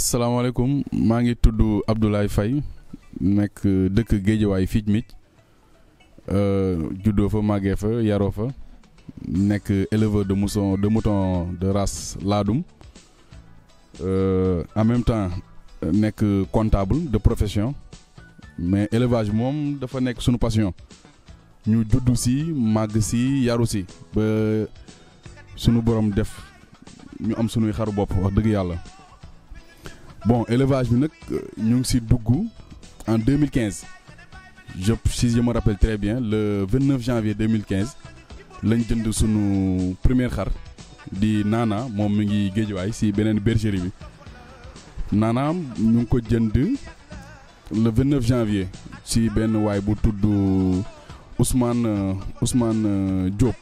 asalaamaaleykum maa ngi tudd Abdoulaye Faye nekk dëkk Géejawaay fii mit euh, juddoo fa màggee fa yaroo fa nekk éleveur de mousson de mouton de race laadum euh, en même temps nekk comptable de profession mais élevage moom dafa nekk sunu passion ñu juddu si màgg si yaru si ba sunu borom def ñu am sunuy xaru bopp wax dëgg yàlla bon élevage nous euh, sommes en 2015 je si je me rappelle très bien le 29 janvier 2015 nous avons notre première premier di Nana, Nana, mi ngi si la bergerie Nana, nous ñu le 29 janvier si Ben waay Ousmane euh, Ousmane euh, Diop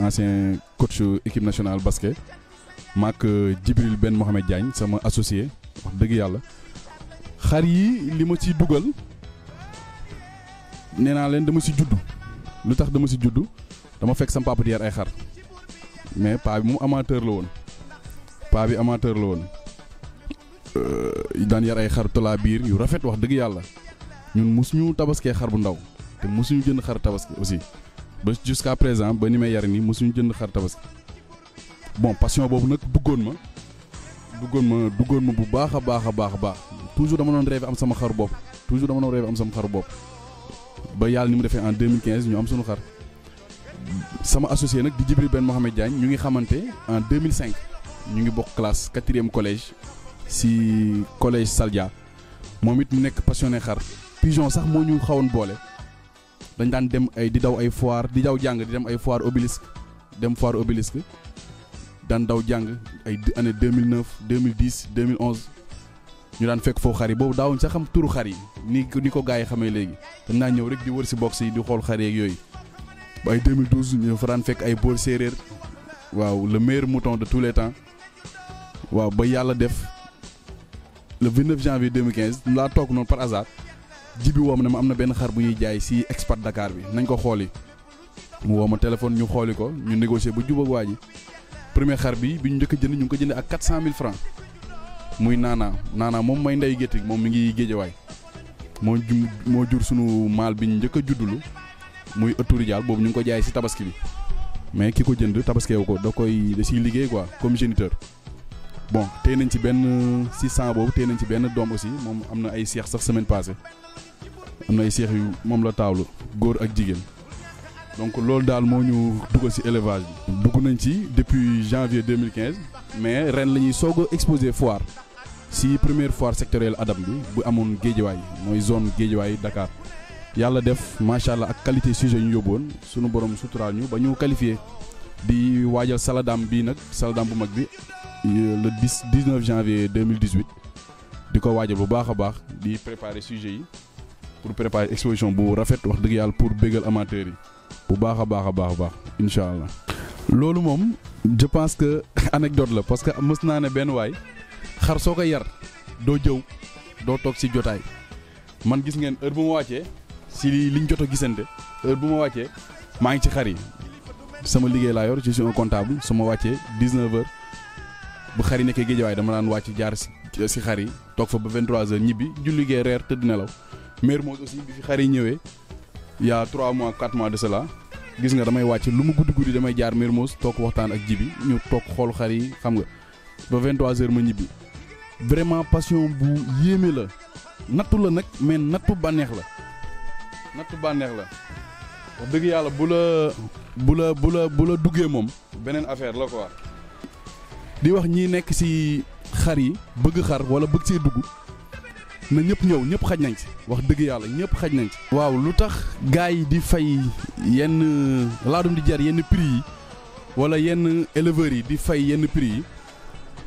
ancien coach de l'équipe nationale basket. maak euh, Jibril Ben Mohamed Diagne sama associé wax dëgg yàlla xar yi li ma ci dugal nee naa leen dama ci juddu lu tax dama si juddu dama fekk sama papa di yar ay xar mais paa bi mu amateur la woon paa bi amateur la woon euh, daan yar ay xar tolaa biir yu rafet wax dëgg yàlla ñun mosuñu tabaskee xar bu ndaw te mosuñu jënd xar tabaski aussi ba jusqu'à présent ba ni may yar nii mosuñu jënd xar tabaski bon passion boobu nag bëggoon ma bëggoon ma bëggoon ma bu baax a baax a baax a baax toujours dama doon rêve am sama xar bopp toujours dama doon rêve am sama xar bopp ba yàlla ni mu defee en 2015 ñu am sunu xar sama associé nag di Djibril Ben Mohamed Diagne ñu ngi xamante en 2005 ñu ngi bokk classe quatrième collège si collège Saldia moom it mu nekk passionné xar pigeon sax moo ñu xawoon boole dañ daan dem ay di daw ay foire di daw jàng di dem ay foire obélisque dem foire obélisque dans daw jang ay année 2009 2010 2011 ñu daan fekk foo xar yi boobu daawuñ sax xam turu xar yi ni ni ko gars yi xamee léegi dañ naa ñëw rek di wër si box yi di xool xar yeeg yooyu ba ay 2012 ñu fa daan fekk ay boor séeréer waaw le meilleur mouton de tous les temps waaw ba yàlla def le 29 janvier 2015 laa toog noonu par hasard jibi woom ma ne ma am na benn xar bu ñuy jaay si Expat Dakar bi nañ ko xooli mu woo ma téléphone ñu xooli ko ñu négocier ba jubag waa ji premier xar bi bu ñu njëkk a jënd ñu ngi ko jëndee ak 400000 francs muy naanaa naanaa moom may nday gétt moom mi ngi géejawaay moo ju moo jur sunu maal bi ñu njëkk a juddulu muy ëttu rijaal boobu ñu ngi ko jaay si tabaski bi mais ki ko jënd tabaskeewu ko da koy da siy liggéey quoi comme géniteur bon tey nañ ci benn si cent boobu tey nañ ci benn doom aussi moom am na ay seex sax semaine passée am na ay seex yu moom la taawlu góor ak jigéen donc l'ol dal moo ñu dugal ci élevage bi. dugg ci depuis janvier 2015 mais ren lañuy Sogo exposer exposé foire ci première foire sectorielle Adam bi bu amone géejewaay moy zone géejewaay Dakar yalla def machallah ak qualité sujet ñu yobone suñu borom suturaal ñu ba ñu qualifié di waajal saladam bi nak saladam bu mag bi euh, le 19 janvier 2018 di ko waajal bu baax a baax di préparer sujet yi pour préparer exposition bu rafet wax deug yàlla pour bégal amateurs yi. bu baax a baax a baax a baax incha loolu moom je pense que anecdote la parce que mës naa ne benn waay xar soo ko yar doo jëw doo toog si jotaay man gis ngeen heure bu ma wàccee si liñ jot a gisante heure bu ma wàccee maa ngi ci xar yi sama liggéey laa yor je suis un comptable su ma wàccee 19 heures bu xar yi nekkee géejawaay dama daan wàcc jaar si si xar yi toog fa ba 23 heures ñibbi julli gee reer tëdd nelaw mère moom aussi bi fi xar yi ñëwee. yaa y a 3 mois 4 mois de gis nga damay wàcc lu mu guddi guddi damay jaar Mermoz toog waxtaan ak jibi ñu toog xool xar yi xam nga ba 23h ma ñibbi vraiment passion bu yéeme la nattu la nag mais nattu bànneex la nattu bànneex la wax dëgg yàlla bu la bu la bu la bu la duggee moom beneen affaire la quoi. di wax ñi nekk ci xar yi bëgg xar walla bëgg see dugg na ñëpp ñëw ñëpp xaj nañ ci wax dëgg yàlla ñëpp xaj nañ ci. waaw lu tax gars yi di fay yenn laadum di jar yenn prix yi wala yenn éleveurs yi di fay yenn prix yi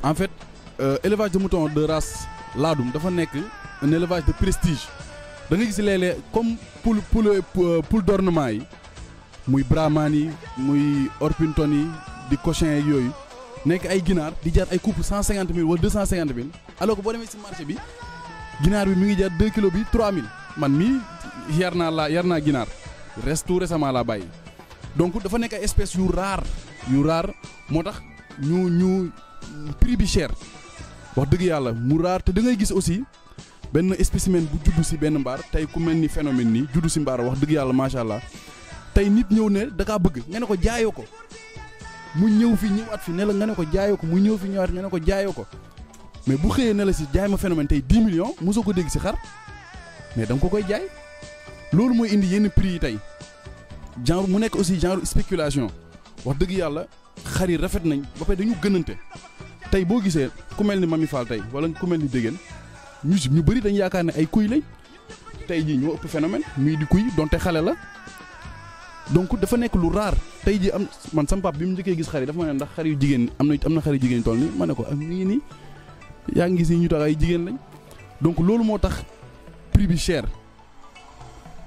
en fait euh, élevage de mouton de race laadum dafa nekk un élevage de prestige da nga gis léeg comme poule poule euh, poule d'ornement yi muy brahman yi muy orpinton yi di cochin yeeg yooyu nekk ay ginaar di jar ay couple cent cinquante wala deux cent alors que boo demee ci marché bi. Ginar bi mi ngi jaar 2 kilo bi 3000 man mi yarna la yarna ginar restu reste tout récemment laa bàyyi donc dafa nek espèce yu rare yu rare motax ñu ñu prix bi cher wax deug yalla mu rare te da ngay gis aussi ben spécimen bu juddu si ben mbar tay ku melni ni phénomène ni juddu ci mbar wax dëgg yàlla macha allah nit ñew ne da ka bëgg ngay ko mu ñew fi ñewat fi ne la ngay ko mu ñew fi ñewat ngay ko mais bu xëyee ne la si jaay ma phénomène tey 10 millions mosoo ko dégg si xar mais da nga ko koy jaay loolu mooy indi yenn prix yi tey genre mu nekk aussi genre spéculation wax dëgg yàlla xar yi rafet nañ ba pare dañu gënante tey boo gisee ku mel ni Mami Fall tey wala ku mel ni Dégéen ñu ñu bari dañu yaakaar ne ay kuy lañ tey jii ñoo ëpp phénomène mii di kuy donte xale la donc dafa nekk lu raar tey jii am man sama pap bi mu njëkkee gis xar dafa ma yu jigéen am na am na xar yu jigéen toll ma ne ko am nii nii. yaa ngi gis ñu tax ay jigéen lañ donc loolu moo tax prix bi cher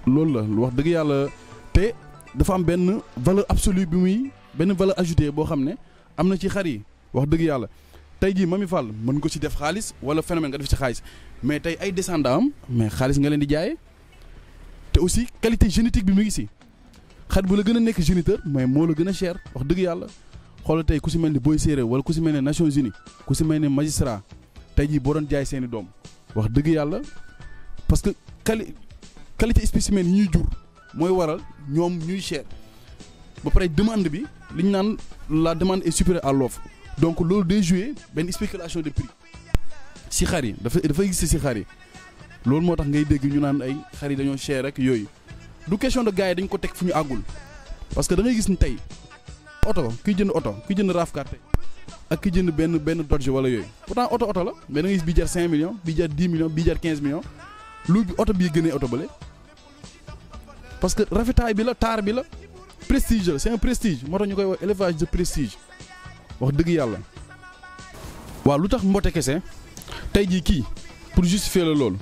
loolu la wax dëgg yàlla te dafa am benn valeur absolue bi muy benn valeur ajoutée boo xam ne am na ci xar yi wax dëgg yàlla tey jii Mamy Fall mën ko ci def xaalis wala phénomène nga def ci xaalis mais tey ay descendants am mais xaalis nga leen di jaayee te aussi qualité génétique bi mu ngi si xar bu la gën a nekk géniteur mais moo la gën a cher wax dëgg yàlla xoolal tey ku si mel ni Boy Séeréer wala ku si mel ne Nations Unies ku si mel ne magistrat tey jii boo doon jaay seeni doom wax dëgg yàlla parce que quali qualité spécimen yi ñuy jur mooy waral ñoom ñuy cher ba pare demande bi li ñu naan la demande est supérieure à l'offre donc loolu day jouer benn spéculation de prix si xar yi dafa dafay exister si xar yi loolu moo tax ngay dégg ñu naan ay xar yi dañoo cher rek yooyu du question de gars yi dañ ko teg fu ñu àggul parce que da gis ni tey oto kiy jënd oto kiy jënd raafkaat tey ak ki jënd benn benn Dodge wala yooyu pourtant oto oto la mais da nga gis bi jar 5 millions bi jar 10 millions bi jar 15 millions lu oto bi gënee oto bële parce que rafetaay bi la taar bi la prestige la c'est un prestige moo tax ñu koy wax élevage de prestige wax dëgg yàlla. waaw lu tax mbote kese tey jii kii pour justifier la loolu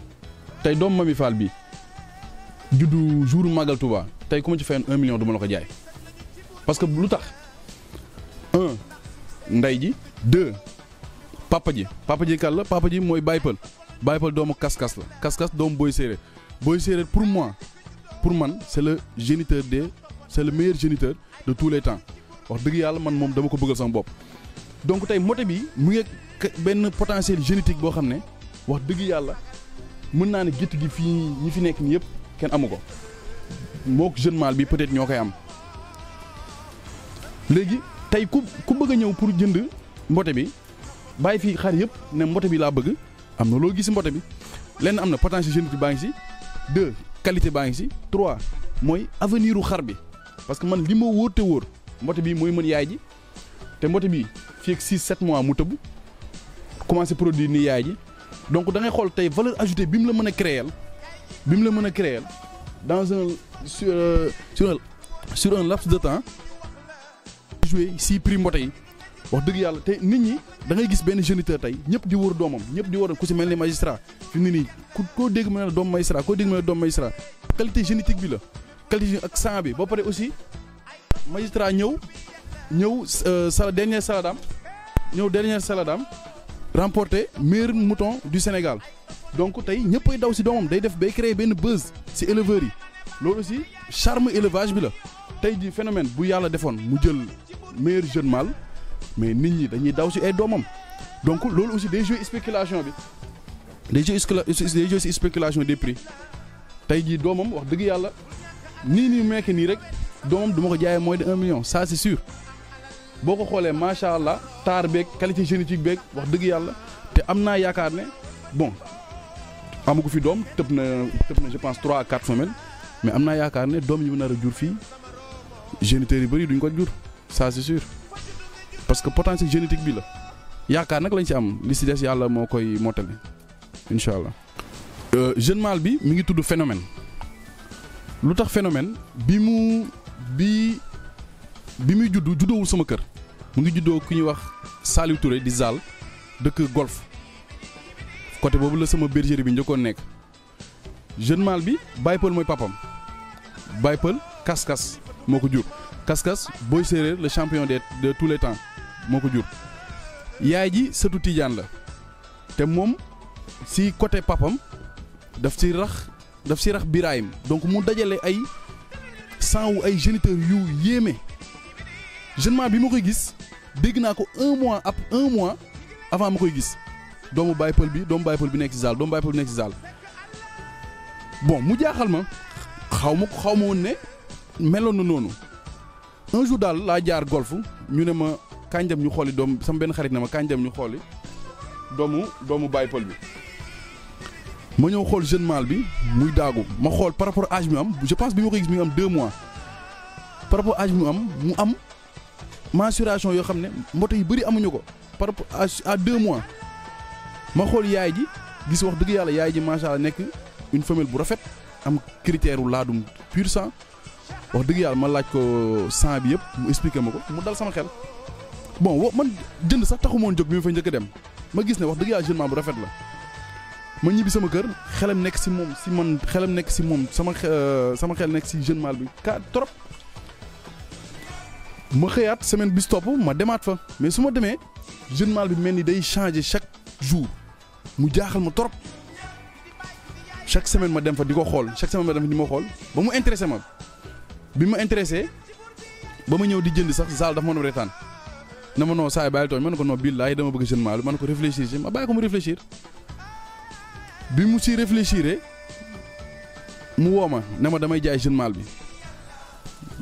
tey doomu mami Fall bi juddu jour Magal Touba tey ku ma ci fayoon 1 million du ma la ko jaay parce que lu tax nday ji deux papa ji papa ji kan la papa ji mooy Baye Pël Baye Pël doomu kas la kaskas doomu Boy Séeréer Boy Séeréer pour moi pour man c' est le géniteur de, c' est le meilleur géniteur de tous les temps wax dëgg yàlla man moom dama ko bëggal sama bopp. donc tey moté bi mu ngi benn potentiel génétique boo xam ne wax dëgg yàlla mën naa ne gétt gi fii ñi fi nekk ni yëpp kenn amu ko jeune mâle bi peut-être ñoo koy am léegi tay ku ku bëgg a pour jënd bi fi xar bi bëgg gis potentiel qualité baa trois xar parce que man li ma wóor te wóor mbote mooy yaay ji mois mu commencé produire ni yaay ji donc da ngay xool tey valeur ajoutée bi la la dans un sur euh, sur un laps de temps joué si prix mbote wax deug yalla tay nit ñi da ngay gis ben géniteur tay ñep di wër domam ñep di wër ku ci melni ni magistrat fi mu ne nii ku koo dégg magistrat ko dégg mu ne magistrat qualité génétique bi la qualité ak sang bi ba pare aussi magistrat ñew ñew euh, sa dernière saladam ñew dernière saladam remporté meilleur mouton du Sénégal donc tay ñëppay daw ci domam day def bay créer ben buzz ci éleveur yi lolu aussi charme élevage bi la tay di phénomène bu yalla defone mu jël meilleur jeune mâle mais nit ñi dañuy daw si ay doomam donc loolu aussi day jouer spéculation bi jeux jouer si spéculation des prix tey jii doomam wax dëgg yàlla nii nii mekk ni rek domam duma ko jaayee moy de 1 million ça c'est sûr boko xolé xoolee macha allah taar beeg qualité génétique beeg wax dëgg yalla te amna naa ne bon amugo fi dom tëb na tëb na je pense 3 à 4 femelles mais amna naa yaakaar ne doom yi mu nar a jur fii géniteurs yu duñ ko jur. ça c'est sûr parce que potentiel génétique bi la yaakaar nag lañ ci am li ci des yàlla moo koy mottali incha allah euh, jeune mal bi mi ngi tudd phénomène lu tax phénomène bi mu bi bi muy judd juddoowul sama kër mu ngi juddoo ku ñuy wax Saliou Touré di Zal dëkk golf côté boobu la sama berger bi njëkkoon nekk jeune mal bi Baye mooy papam Baye kaskas kas-kas moo ko Kaskas Boy séeréer le champion de de tous les temps Moko ko yaay ji sëtu Tidiane la Té mom si côté papam daf ci rax daf ci rax Birahim donc mu dajalé ay sans ou ay géniteurs yu yéeme génement bi ma koy gis dégg naa ko un mois ab 1 mois avant ma koy gis doomu Baye Pël bi doomu Baye Pël bi nekk si saal doomu Baye Pël bi nekk si bon mu jaaxal ma xaw ma xaw ma woon ne meloon na un jour daal laa jaar golf ñu ne ma kañ dem ñu xooli doom sama benn xarit ne ma kañ dem ñu xooli doomu doomu Baye Paul bi. ma ñëw xool jeune mâle bi muy daagu ma xool par rapport âge mi am je pense bi ma ko gis mi am deux mois par rapport âge mi am mu am mensuration yoo xam ne mbote yi bëri amuñu ko par rapport à deux mois ma xool yaay ji gis wax dëgg yàlla yaay ji macha allah nekk une femelle bu rafet am critère u laadum pur sang wax dëgg yàlla ma laaj ko sang bi yëpp mu expliqué ma ko mu dal sama xel bon wo man jënd sax taxu moon jóg bi ma fa njëkk dem ma gis ne wax dëgg yàlla jeune bu rafet la ma ñibbi sama kër xelam nekk si moom si man xelam nekk si moom sama euh, sama xel nekk si jeune mal bi ka trop ma xëyaat semaine bis ma demaat fa mais su ma demee jeune mal bi mel ni day changé chaque jour mu jaaxal ma trop chaque semaine ma dem fa di ko xool chaque semaine ma dem fa di ma xool ba mu intéressé ma bi ma intéressé ba ma ñëw di jënd sax saal dafa ma doon reetaan na ma noo saay bàyyi tooñ ma ne ko non billaay dama bëgg jeune maalu ma ne ko réfléchir si ma bi mu si réfléchir mu woo ma ne ma damay jaay jeune bi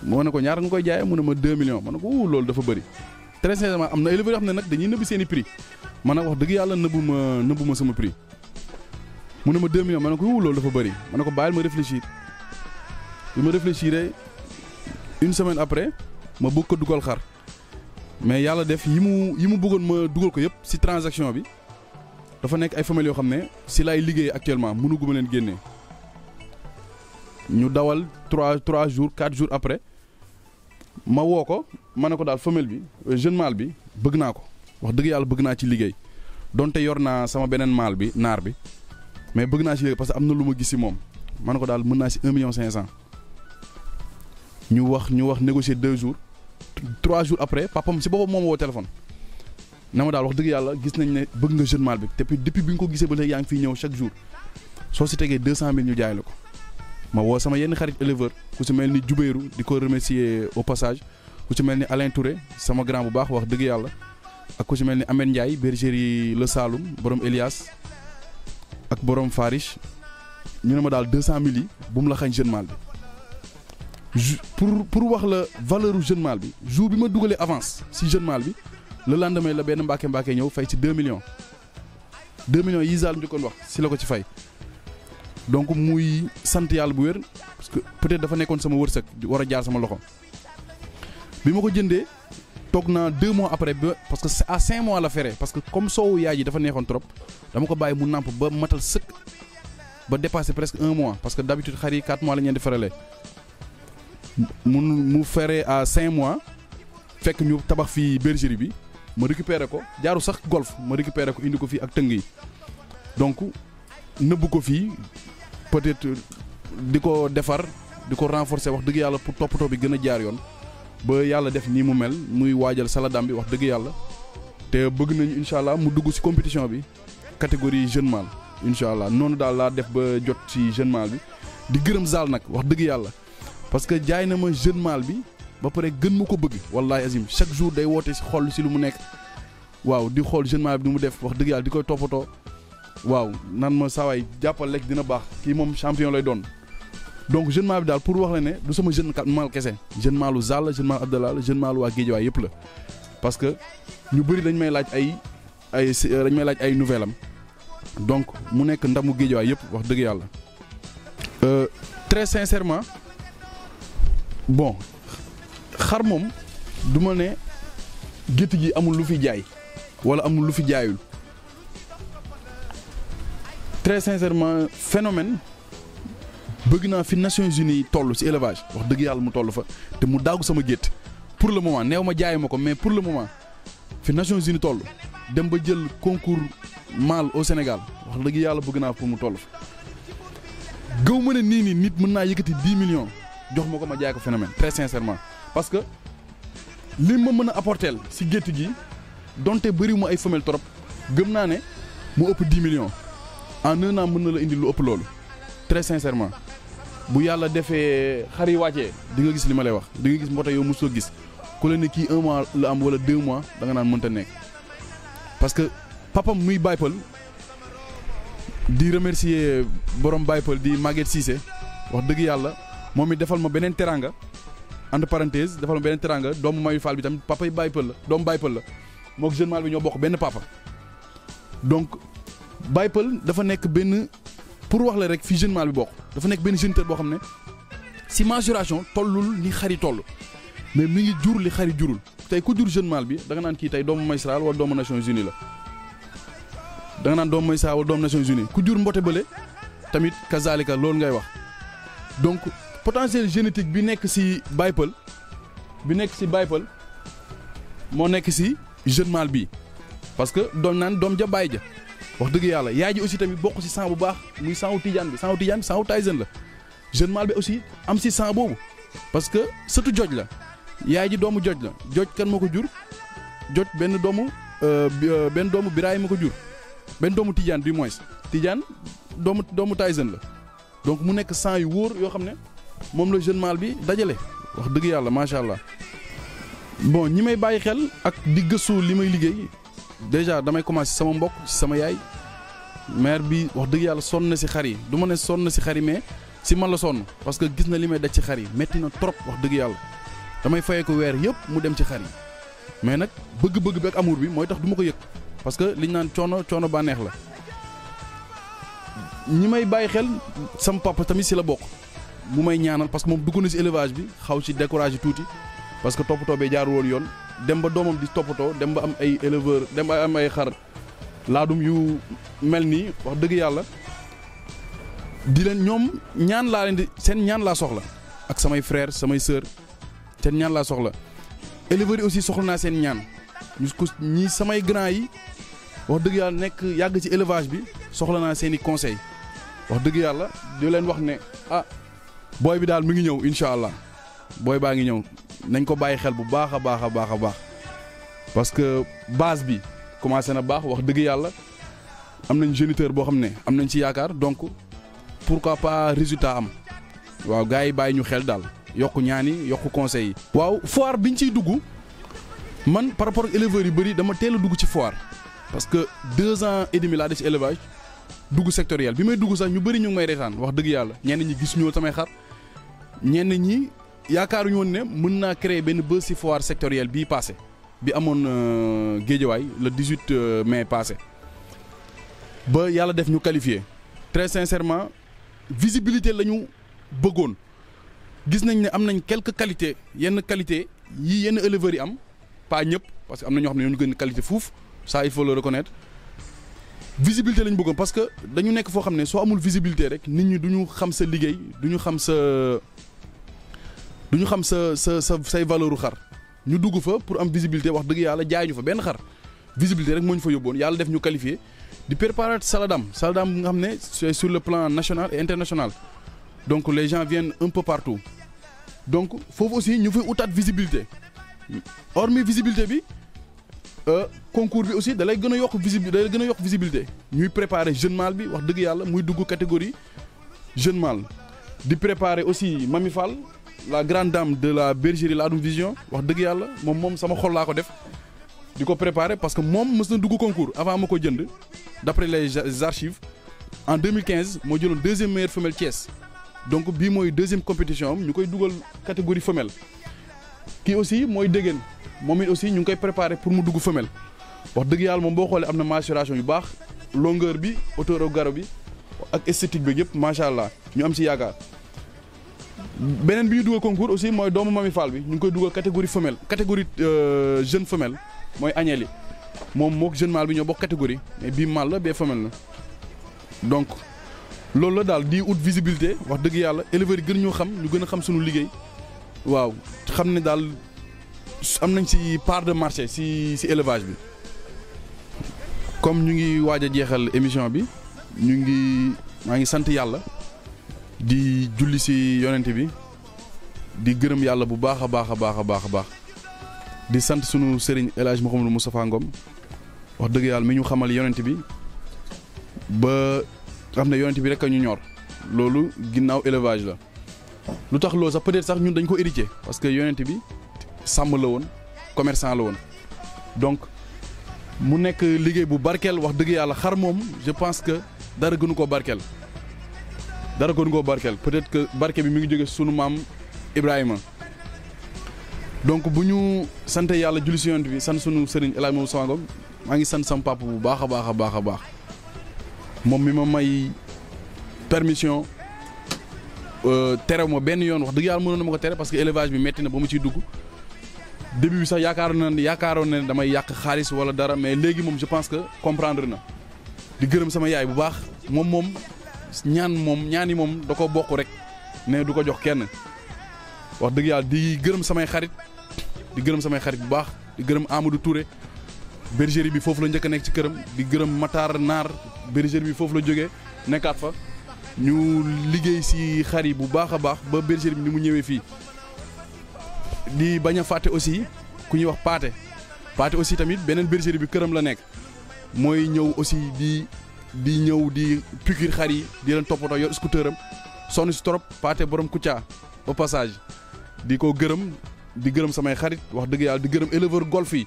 ma ko ñaar nga koy jaayee mu ne ma 2 millions ma ne ko loolu dafa bëri. très sincèrement am na éleveurs yoo xam ne nag dañuy nëbb seeni prix man nag wax dëgg yàlla nëbbu ma nëbbu ma sama prix mu ne ma 2 millions ma ne ko wuu loolu dafa bëri ma ne ko bàyyil ma réfléchir bi ma réfléchir une semaine après ma bëgg ko dugal xar mais yàlla def yi mu yi mu bëggoon ma dugal ko yëpp si transaction bi dafa nekk ay femelles yoo xam ne si lay liggéey actuellement mënuguma leen génnee ñu dawal trois trois jours quatre jours après ma woo ko ma ne ko daal femelle bi euh, jeune mâle bi bëgg naa ko wax dëgg yàlla bëgg naa ci liggéey donte yor naa sama beneen mâle bi naar bi mais bëgg naa ci liggéey parce que am na lu ma gis si moom ma ne ko daal mën naa si un million cinq cent ñu wax ñu wax négocier deux jours trois jours après papam si boppam moom woo téléphone na ma daal wax dëgg yàlla gis nañ ne bëgg nga jeune mal bi te depuis bi nga ko gisee ba léegi yaa ngi fiy ñëw chaque jour soo si tegee deux cent mille ñu jaay la ko ma woo sama yenn xarit éleveur ku si mel ni Jubéeru di ko remercier au passage ku si mel ni Alain Touré sama grand bu baax wax dëgg yàlla ak ku si mel ni Amène Ndiaye bergerie Le Saloum borom Elias ak borom Farish ñu ne ma daal deux cent mille yi bu mu la xañ jeune bi pour pour wax la valeur du jeune mâle bi jour bi ma avance si jeune mal, le lendemain la 2 millions 2 millions yi Zal wax si la ci fay donc muy sante bu parce que peut-être dafa sama wara sama loxo ko deux mois après parce que à cinq mois la féré parce que comme ça je dafa trop dama ko mu ba matal ba presque un mois parce que d'habitude xari mois la ñu mu mu à cinq mois fekk ñu tabax fi bergerie bi ma récupéré ko jaaru sax golf ma récupéré ko indi ko fi ak tëng yi donc neub ko fi peut-être diko défar diko renforcer wax dëgg yàlla pour toppatoo bi gën a jaar yoon ba yàlla def ni mu mel muy waajal saladam bi wax dëgg yàlla te bëgg nañu incha allah mu dugg ci compétition bi catégorie jeune mâle incha allah noonu daal laa def ba jot ci jeune mâle bi di gërëm zaal nag wax dëgg yàlla parce que je suis ma jeune mal bi ba chaque jour day jeune mal. xol suis lu mu nekk waaw di un jeune mal bi mu def wax dëgg yàlla di koy toppatoo waaw nan ma un jàppal mal. dina baax kii moom champion lay donc jeune mal Je pour wax la ne du sama jeune mal jeune jeune Abdallah jeune mal parce que ñu bëri dañ may laaj ay ay nouvelle am donc mu nekk ndamu yëpp wax dëgg euh, très sincèrement bon xar moom du ma ne gétt gi amul lu fi jaay wala amul lu fi jaayul très sincèrement phénomène bëgg naa fi Nations Unies toll ci élevage wax dëgg yàlla mu toll fa te mu daagu sama gétt pour le moment neew ma jaayuma ko mais pour le moment fi Nations Unies toll dem ba jël concours mâle au Sénégal wax dëgg yàlla bëgg naa pour mu toll fa gëw ma ne nii nii nit mën naa yëkkati 10 millions. jox moko ma jaay ko phénomène très sincèrement parce que li ma mën a apporteel si gétt gi donté bëri mu ay femelle trop gëm naa ne mu ëpp 10 millions en un an mën la indi lu ëpp loolu très sincèrement bu yalla défé xari yi di nga gis li ma lay wax di nga gis mboote yo mosoo gis ku la ne kii un mois la am wala deux mois da nga naan mënta nek parce que papa muy Baye di remercier borom Baye di Maguette Cissé wax dëgg yalla moom defal ma beneen teranga entre parenthèse defal ma beneen teranga doomu Mayu bi papa yi la donc bible, dafa pour wax la rek fi jeune mal bi bokk dafa nekk benn ne si mensuration tollul ni xari mais mi ngi jur li xari jurul tey ku jur jeune mal bi da nga naan kii tey doomu wala doomu Unies la. da nga tamit kazalika donc potentiel génétique bi nekk ci baay bi nekk ci jeune mâle parce que doom naan doom ja baay ja wax dëgg yàlla yaay aussi tamit bokk ci sang bu baax muy sangu tijaan bi sangu tijaan Tyson la jeune mâle aussi am ci sang parce que sëtu joj la yaay ji la kan du la donc mu sang yu moom la jeune mâle bi dajale wax dëgg yàlla macha allah bon ñi may bàyyi xel ak di gëstu li may liggéey déjà damay commencé sama mbokk ci sama yaay mère bi wax dëgg yàlla sonn na si xar yi du ma ne sonn na si xar yi mais si ma la sonn parce que gis na li may daj ci xar yi métti na trop wax dëgg yàlla damay fayee ko weer yëpp mu dem ci xar yi mais nag bëgg-bëgg bi ak amour bi mooy tax du ma ko yëg parce que liñ naan coono coono bànneex la ñi may bàyyi xel sama papa tamit si la bokk. mu may ñaanal parce que moom dugg na ci élevage bi xaw ci découragé tuuti parce que toppatoo bee jaarul woon yoon dem ba doomam di toppatoo dem ba am ay éleveur dem ba am ay xar laadum yu mel nii wax dëgg yàlla di leen ñoom ñaan laa leen di seen ñaan laa soxla ak samay frères samay sœurs seen ñaan laa soxla éleveurs yi aussi soxla naa seen ñaan ñu ko ñi samay grand yi wax dëgg yàlla nekk yàgg ci élevage bi soxla naa seeni conseil wax dëgg yàlla di leen wax ne ah boy bi daal mi ngi ñëw avez allah nañ ko parce que base bi commencé na baax wax dëgg am nañ géniteur ne donc pourquoi pas résultat am waaw gars yi ñu xel man par rapport ak éleveur yu bëri dama foire parce que deux ans et demi dugg sectoriel bi may dugg sax ñu bëri ñu ngi may reetaan wax dëgg yàlla ñenn ñi gis ñoo samay xar ñenn ñi yaakaaruñu woon ne mën naa créer benn buzz ci foire sectoriel bii passé bi amoon euh, Géejawaay le 18 euh, mai passé ba yàlla def ñu qualifié très sincèrement visibilité la ñu bëggoon gis nañ ne am nañ quelques qualités yenn qualité yi yenn éleveur yi am pas ñëpp parce que am na ñoo xam ne ñoo ñu gën qualité fuuf ça il faut le reconnaître visibilité lañ bëggoon parce que dañu nekk foo xam ne soo amul visibilité rek nit ñi duñu xam sa liggéey duñu xam sa duñu xam sa sa sa say valeur xar ñu dugg fa pour am visibilité wax dëgg yàlla jaay ñu fa benn xar visibilité rek moo ñu fa yóbboon yàlla def ñu qualifié di préparer Saladam Saladam nga xam ne c'est sur le plan national et international donc les gens viennent un peu partout donc foofu aussi ñu fay utaat visibilité hormis visibilité bi. Euh, concours aussi da lay gën a yokk gën visibilité ñuy préparer jeune mâle bi wax dëgg yàlla muy dugg catégorie jeune mâle di préparer aussi Mami Fall la grande dame de la bergerie Ladoum Vision wax dëgg yàlla moom moom sama xol laa ko def di préparer parce que moom mës na dugg concours avant ma ko jënd d'après les archives en 2015 moo jëloon deuxième meilleure femelle Thiès donc bii mooy deuxième compétition am ñu koy dugal catégorie femelle kii aussi mooy déggéen moom aussi ñu ngi koy préparer pour mu dugg femelle wax dëgg yàlla moom boo xoolee am na maturation yu baax longueur bi hauteur garab bi ak esthétique bi yëpp macha allah ñu am si yaakaar. beneen bi ñu dugal concours aussi mooy doomu Mami Fall bi ñu ngi koy dugal catégorie femelle catégorie euh, jeune femelle mooy agnelle yi moom mook jeune mâle bi ñoo bokk catégorie mais bii mâle la bee femelle la donc loolu la daal di ut visibilité wax dëgg yàlla éleveur yi gën ñu xam ñu gën a xam suñu liggéey waaw xam ne daal. am nañ si part de marché si si élevage bi comme ñu ngi waaj a jeexal émission bi ñu ngi maa ngi sant yàlla di julli si yonent bi di gërëm yàlla bu baax a baax a baax a baax a baax di sant sunu sëriñ élage Hadj Mouhamadou Moustapha Ngom wax dëgg yàlla mi ñu xamal yonent bi ba xam na yonent bi rek a ñu ñor loolu ginnaaw élevage la lu tax loolu sax peut sax ñu dañ ko hérité parce que yonent bi Sam la woon commerçant la woon donc mu nekk liggéey bu Barkel, wax dëgg yàlla xar moom je pense que dara gënu ko Barkel, dara gënu ko Barkel. peut-être que barke bi mi ngi jóge sunu maam Ibrahima donc bu ñu sant yàlla julli si yonent bi sant sunu sëriñ El Hadj Mawou maa ngi sant sama papa bu baax a baax a baax a baax moom mi ma may permission euh, terew ma benn yoon wax dëgg yàlla mënoon na ma ko tere parce que élevage bi metti na ba mu ciy dugg. début bi sax yaakaar na yaakaaroon ne damay yàq xaalis wala dara mais léegi moom je pense que comprendre na di gërëm sama yaay bu baax moom moom ñaan moom ñaani moom da ko rek ne du ko jox kenn wax dëgg yàlla di gërëm samay xarit di gërëm samay xarit bu baax di gërëm Amadou Touré bergerie bi foofu la njëkk nekk ci këram di gërëm Matar Naar bergerie bi foofu la jógee nekkaat fa ñu liggéey si xar yi bu baax a baax ba bergerie bi ni mu ñëwee fii di banyak a aussi ku ñuy wax paate paate aussi tamit benen bergerie bi kërëm la nekk moy ñëw aussi di di ñëw di pikir xari di leen topoto yor scooter am sonn trop paate borom kutia au passage di ko gërëm di gërëm samay xarit wax dëgg yàlla di gërëm éleveur golf yi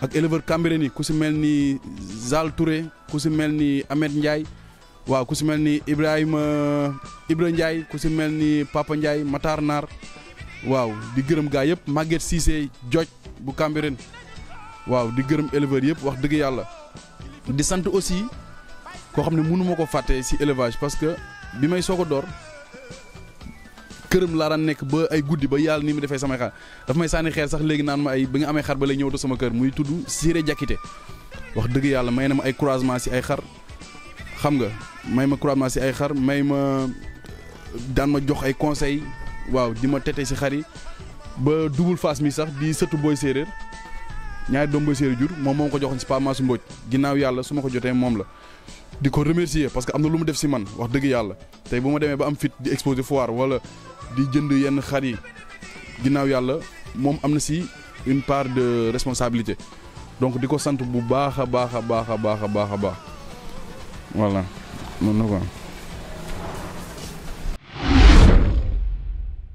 ak éleveur Cambérène ni ku si mel ni Zal Touré ku si mel ni Ahmed Ndiaye waaw ku si mel ni Ibrahima Ibra Ndiaye ku si mel ni Papa Ndiaye Matar nar waaw di gërëm gaa yëpp Maguette Cissé Joj bu Cameroun waaw di gërëm éleveur yëpp wax dëgg yàlla di sant aussi koo xam ne mënu ma ko fàtte si élevage parce que bi may soog a door këram laa daan nekk ba ay guddi ba yàlla ni mu defee samay xar daf may sànni xeer sax léegi naan ma ay bi nga amee xar ba lay ñëwatu sama kër muy tudd Siré Jakite wax dëgg yàlla may na ma ay croisement si ay xar xam nga may ma croisement si ay xar may ma daan ma jox ay conseils Wow, di ma tete si xar yi ba double face mi sax di sëtu boy séeréer ñaari doom booy séeréer jur moom moom ko joxoon si Pa Massou Mbodj ginnaaw yàlla su ma ko jotee moom la di ko remercier parce que am na lu mu def si man wax dëgg yàlla tey bu ma ba am fit di exposer foire wala di jënd yenn xar yi ginnaaw mom moom am une part de responsabilité donc di ko sant bu baax a baax a baax a baax a baax a baax voilà noonu la